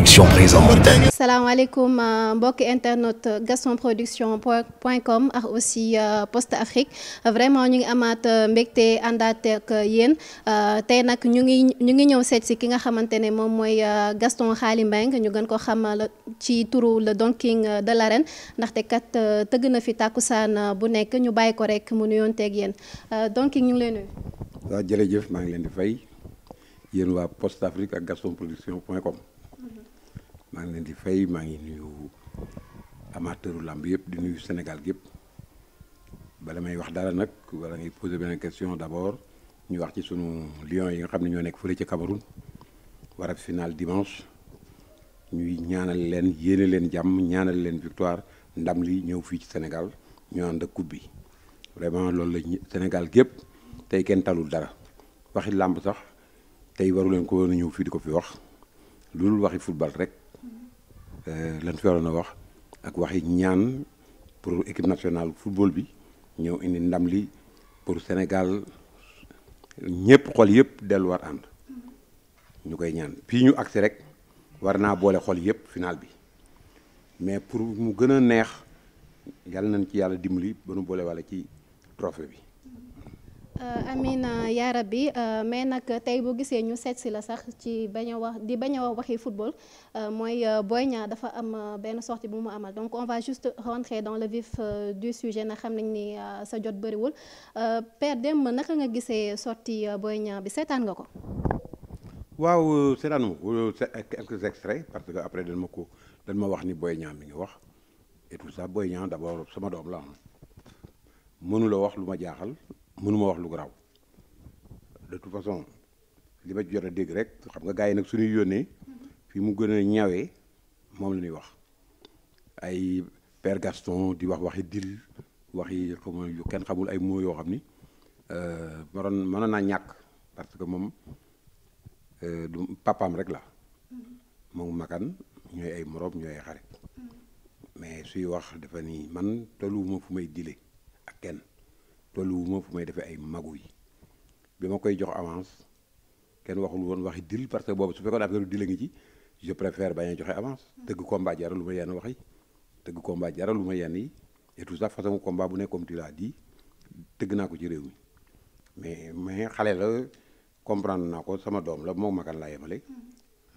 production présente. salaamaaleykum euh, mbokki internet euh, gaston production point com ak aussi euh, post afrique vraiment ñu ngi amaat mbégte àndaat ak yéen tey nag ñu ngi ñu ngi ñëw seet si ki nga xamante ne moom mooy gaston xaali mbeng ñu gën ko xam ci turu la Don King de l'arène ndaxte kat tëgg na fi tàkkusaan bu nekk ñu bàyyi ko rek mu nuyoon teeg yéen Don ñu ngi lay nuyu. maa ngi leen di fay yéen waa maa ngi leen di fay maa ngi nuyu amateuru làmb yëpp di nuyu Sénégal gépp bala may wax dara nag wala ngay poser benn question d'abord ñu wax ci sunu Lions yi nga xam ne ñoo nekk fële ci Cameroun war a final dimanche ñuy ñaanal leen yéene leen jàmm ñaanal leen victoire ndam li ñëw fii ci Sénégal ñu ànd ak coupe bi vraiment loolu la Sénégal gépp tey kenn talul dara waxi làmb sax tey waru leen ko woon a ñëw fii di ko fi wax loolu waxi football rek euh, lan fi waroon a wax ak waxi ñaan pour équipe nationale football bi ñëw indi ndam li pour Sénégal ñëpp xol yëpp delluwaat ànd ñu koy ñaan fii ñu agsi rek war naa boole xol yëpp final bi mais pour mu gën a neex yàlla nañ ci yàlla dimbali ba nu boole wala ci trophée bi. Euh, Amina yaa rabbi euh, mais nag tey boo gisee ñu seet si la sax ci bañ wax di bañ a wax waxi football euh, mooy Boy Niang dafa am benn sortie bu mu amal donc on va juste rentrer dans le vif du sujet na xam nañ ni sa jot bariwul Père Deme naka nga gisee sorti Boy Niang bi seetaan nga ko. waaw seetaan ma ko quelques extraits parce que après dañ ma ko dañ ma wax ni Boy Niang mi ngi wax et tout ça Boy Niang d'abord sama doom la ah wax lu ma jaaxal. mënuma wax lu garaaw de toute façon li ma jot a dégg rek xam nga gars yi nag suñuy yónnee fii mu gën a ñawee moom la ñuy wax ay père Gaston di wax waxi dil waxi xawma yu kenn xamul ay mots yoo xam ni ma euh, doon mënoon naa ñàkk parce que moom euh, du papaam rek la moom makan ñooy ay moroom ñooy ay xarit mm-hmm. mais suy wax dafa nii man tolluwuma fu may dile ak kenn tolluwuma fu may defee ay magu yi bi ma koy jox avance kenn waxul woon waxi dil parce que boobu su fekkoon affaire dil a ngi ji je préfère bañ a joxe avance tëgg combat jaral lu ma yenn wax yi tëgg combat jaral lu ma yenn yi et tout ça façon combat bu ne comme tu l'as dit tëgg naa ko ci réew mi mais mais xale la comprendre naa ko sama doom la moom makan laa yemale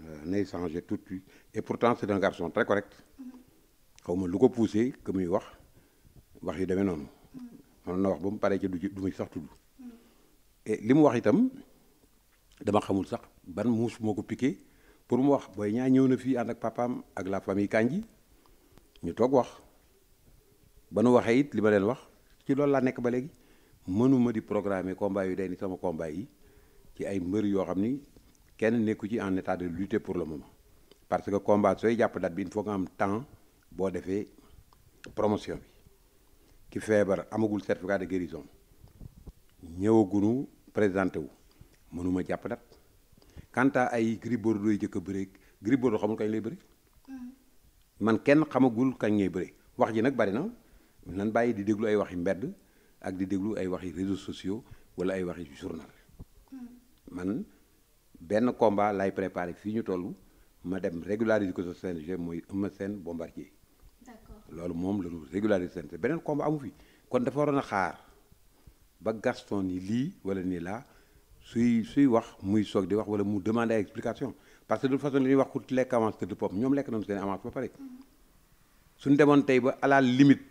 euh, nay changé tout de suite et pourtant c'est un garçon très correct mm-hmm. xaw ma lu ko poussé que wax wax yu demee noonu man na wax ba mu paree ci du du ma ci sax tudd li mu wax itam dama xamul sax ban muus moo ko piqué pour mu wax booy ñaa ñëw na fii ànd ak papaam ak la famille Kandji ñu toog wax ba nu waxee it li ma leen wax ci loolu laa nekk ba léegi mënuma di programme combat yu day ni sama combat yi ci ay mbër yoo xam ni kenn nekku ci en état de lutter pour le moment parce que combat sooy jàpp date bi il faut nga am temps boo defee promotion bi ki feebar amagul certificat de guérison ñëwagunu présenté wu mënuma jàpp nag quant à ay Gris Bordeaux yi jëkk a bëre Gris Bordeaux xamul kañ lay bëre mm. man kenn xamagul kañ ngay bëre wax ji nag bari na nan bàyyi di déglu ay waxi mbedd ak di déglu ay waxi réseaux sociaux wala ay waxi journal mm. man benn komba lay préparé fii ñu toll ma dem régulariser ko sa CNG mooy Eumeu Sène Bombardier loolu moom la ñu régulariser seen beneen combat amu fi kon dafa waroon a xaar ba Gaston ni lii wala nii laa suy suy wax muy soog di wax wala mu demande ay explication parce que de toute façon li wax ku lekk avance tëdd pop ñoom lekk nañu seen avance ba pare suñ demoon tey ba à la limite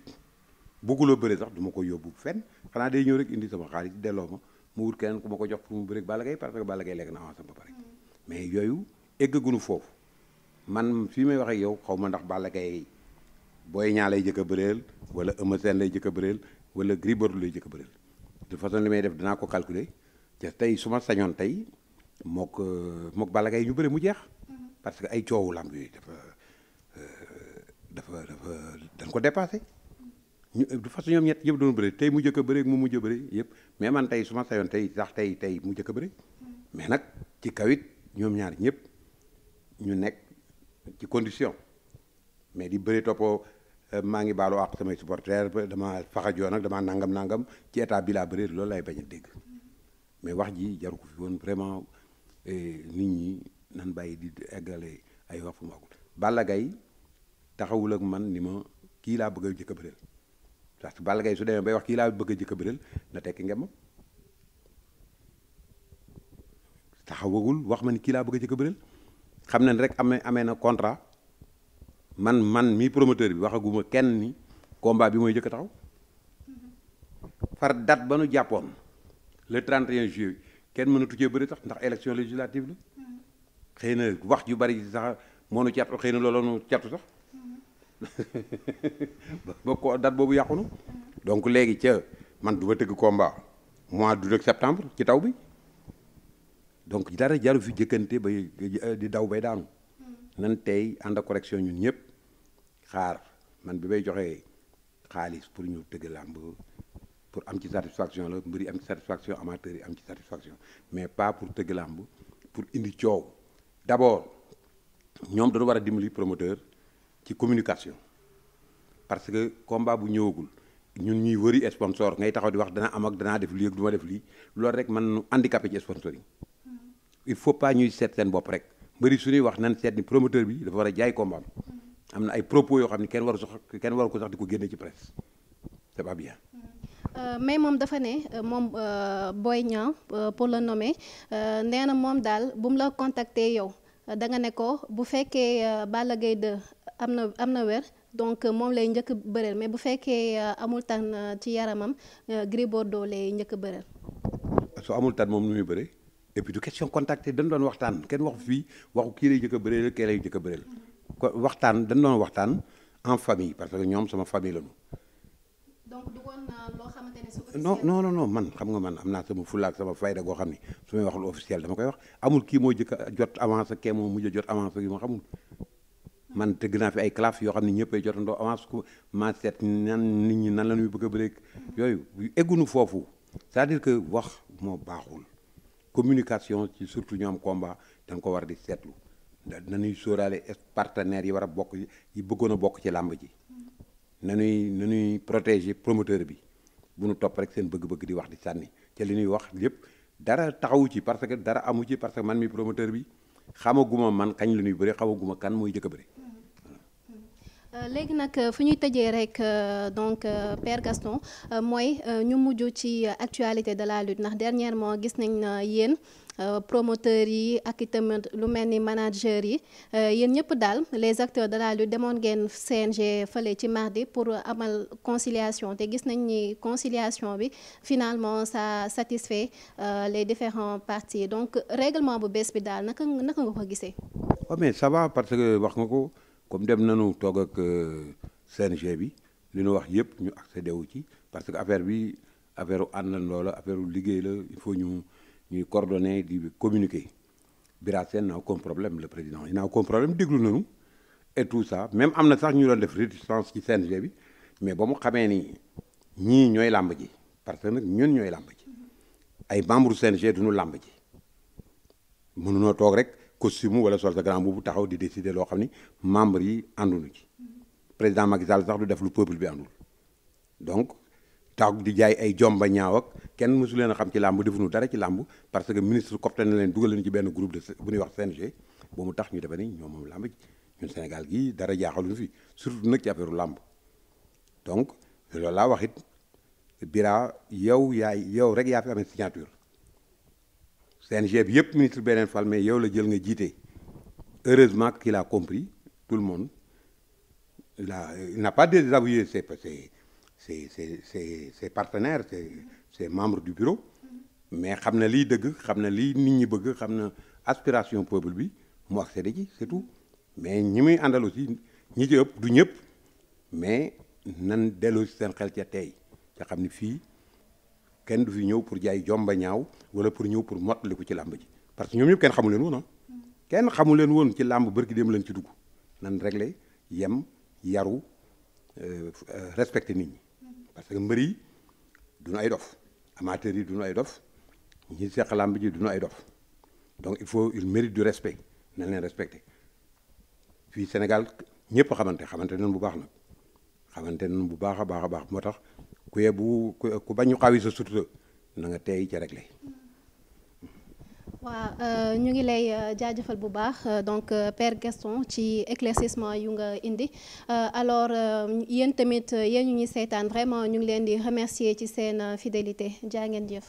bëgguloo bëri sax duma ko yóbbu fen xanaa day ñëw rek indi sama xaalis delloo ma mu wut keneen ku ma ko jox pour mu bëri Balla Gaye parce que Balla Gaye lekk na ba mais yooyu eggaguñu foofu man fii may wax yow xaw ma ndax Balla booy Niang lay jëkk a bëreel wala Eumeu Sène lay jëkk a bëreel wala Gris Bordeaux lay jëkk bëreel de façon li may def dinaa ko calculer tey su ma sañoon tey mook euh, mook Balla Gaye ñu bëri mu jeex mm-hmm. parce que ay coowu lamb yooyu dafa euh, dafa dafa dañ ko dépassé ñu de façon ñoom ñett yëpp doon bëri tey mu jëkk a bëri mu mujj a bëri yëpp mais man tey su ma sañoon tey sax tey tey mu jëkk a bëri mm-hmm. mais nag ci kawit ñoom ñaar ñëpp ñu nekk ci condition mais di bëri toppoo euh, maa ngi baalu àq samay supporter dama faxajoo nag dama nangam nangam ci état bi laa bëri loolu lay bañ a dégg mais wax ji jaru ko fi woon vraiment nit ñi nan bàyyi di eggale ay wax fu mu waxul Balla Gaye taxawul man ni ma kii laa bëgg a jëkk a bëreel parce que Balla Gaye su demee bay wax kii laa bëgg a jëkk a bëreel na tekki ngem taxawagul wax ma ni kii laa bëgg a jëkk a bëreel xam ni rek amee amee na contrat man man mi promoteur bi waxaguma kenn ni combat bi mooy jëkk taxaw far date ba nu jàppoon le 31 juillet kenn mënatu cee bëri tax ndax élection législative la xëy na wax ju bari sax moo nu catu xëy na loolu nu catu sax ba ko dat boobu yàqu donc léegi ca man du ma tëgg combat mois d'août ak septembre ci taw bi donc dara jaru fi jëkkante ba di daw bay daanu nan tey ànd ak correction ñun ñëpp xaar man bi may joxee xaalis pour ñu tëgg làmb pour am ci satisfaction la mbir yi am ci satisfaction amateur yi am ci satisfaction mais pas pour tëgg làmb pour indi coow d'abord ñoom dañu war a dimbali promoteur ci communication parce que combat bu ñëwagul ñun ñuy wëri sponsor ngay taxaw di wax dana am ak danaa def lii ak du def lii loolu rek mën nu handicapé ci sponsoring hmm. il faut pas ñuy seet seen bopp rek mbëri suñuy wax nan seet ni promoteur bi dafa war a jaay combat am na ay propos yoo xam ne kenn waru sax kenn waru ko sax di ko génne ci presse c'est bien. Euh, mais moom dafa ne euh, moom euh, Boy Niang pour le nommer nee na moom daal bu mu la contacter yow da nga ne ko bu fekkee Balla Gaye am na am na wér donc moom lay njëkk bëreel mais bu fekkee amul tan ci yaramam Gris Bordeaux lay njëkk bëreel. su amul tan moom nu muy bëree et puis du question contacter dañ doon waxtaan kenn waxu fii waxu kii lay njëkk a bëreel kee lay njëkk a bëreel. waxtaan dañ doon waxtaan en famille parce que ñoom sama famille lañu. donc du woon no man xam nga man am naa sama fulla ak sama fayda goo xam ne su may wax lu officiel dama koy wax amul kii moo jëkk jot avance kee moo mujj jot avance yu ma xamul. man tëgg naa fi ay classe yoo xam ne ñëppay jotandoo avance ku ma seet nan nit ñi nan la ñuy bëgg a bëreeg yooyu eggunu foofu c'est-à-dire que wax moo baaxul communication ci surtout ñu am combat dañ ko war di seetlu. nañuy sóoraale partenaires yi war a bokk yi bëggoon a bokk ci làmb ji na na nañuy protéger promoteur bi bu nu topp rek seen bëgg-bëgg di wax di sànni ca li ñuy wax yépp dara taxawu ci parce que dara amu ci parce que man mi promoteur bi xamaguma man kañ la ñuy bëri xamaguma kan mooy jëkk a Euh, léegi nag euh, fu ñuy tëjee rek euh, donc Père Gaston mooy ñu mujj ci actualité de la lutte ndax dernièrement gis nañ yéen promoteurs yi ak itam lu mel ni managers yi yéen ñëpp daal les acteurs de la lutte demoon ngeen CNG fale ci mardi pour amal conciliation te gis nañ ni conciliation bi finalement ça satisfait les différents parties donc règlement bu bees bi daal naka nga ko gisee. waaw oh, mais ça va parce que wax nga ko. comme dem nañu toog ak euh, CNG bi li ñu wax yëpp ñu accédé wu ci parce que affaire bi affaire u na la affaire u liggéey la il faut ñu ñuy coordonner di communiquer Bira Sène n'a aucun problème le président il n'a problème déglu nañu et tout ça même am na sax ñu doon def résistance ci CNG bi mais ba mu xamee nii ñii ñooy làmb ci parce que nag ñun ñooy làmb ci ay membres CNG duñu làmb ci mënunoo toog rek costume wala sol sa grand boobu taxaw di décider loo xam ni membre yi ànduñu ci président Macky sax du def lu peuple bi àndul donc taxaw di jaay ay jomba ñaaw ak kenn mësu leen a xam ci làmb defuñu dara ci làmb parce que ministre copte na leen dugal leen ci benn groupe de bu ñuy wax CNG tax ñu defe ni ñoom moom làmb ji ñun Sénégal gii dara jaaxaluñu fi surtout nag ci affaire làmb donc loolu laa wax it Bira yow yaay yow rek yaa fi amee signature gee bi yëpp ministre beneen fal mais yow la jël nga jiite heureusement qu'il a compris tout le monde il a il n'a pas désavoué ses ses ses ses ses partenaires ses ses membres du bureau mais xam na lii dëgg xam na lii nit ñi bëgg xam na aspiration peuple bi mu accédé ci c'est tout mais ñi muy àndal aussi ñi ci ëpp du ñëpp mais nan delloo si seen xel ca tey ca xam ni fii. kenn du fi ñëw pour jaay jomba ñaaw wala pour ñëw pour mottali ko ci làmb ji parce que ñoom ñëpp kenn xamu leen woon ah kenn xamu leen woon ci làmb bërki dem leen ci dugg nan réglé yem yaru euh, euh, respecté nit ñi parce que mbër yi duñu ay dof amateurs yi duñu ay dof ñi seq làmb ji duñu ay dof donc il faut il mérite du respect nañ leen respecté fii Sénégal ñëpp xamante xamante nañ bu baax nag xamante nañ bu baax a baax a baax moo tax ku yebu ku bañu xawisa surtout na nga teey ci régler euh, ñu ngi lay euh, jaajëfal bu baax euh, donc Père Gaston ci éclaircissement yu nga indi alors yéen tamit yéen ñu ñuy seetaan vraiment ñu ngi leen di remercier ci seen fidélité jaa ngeen jëf.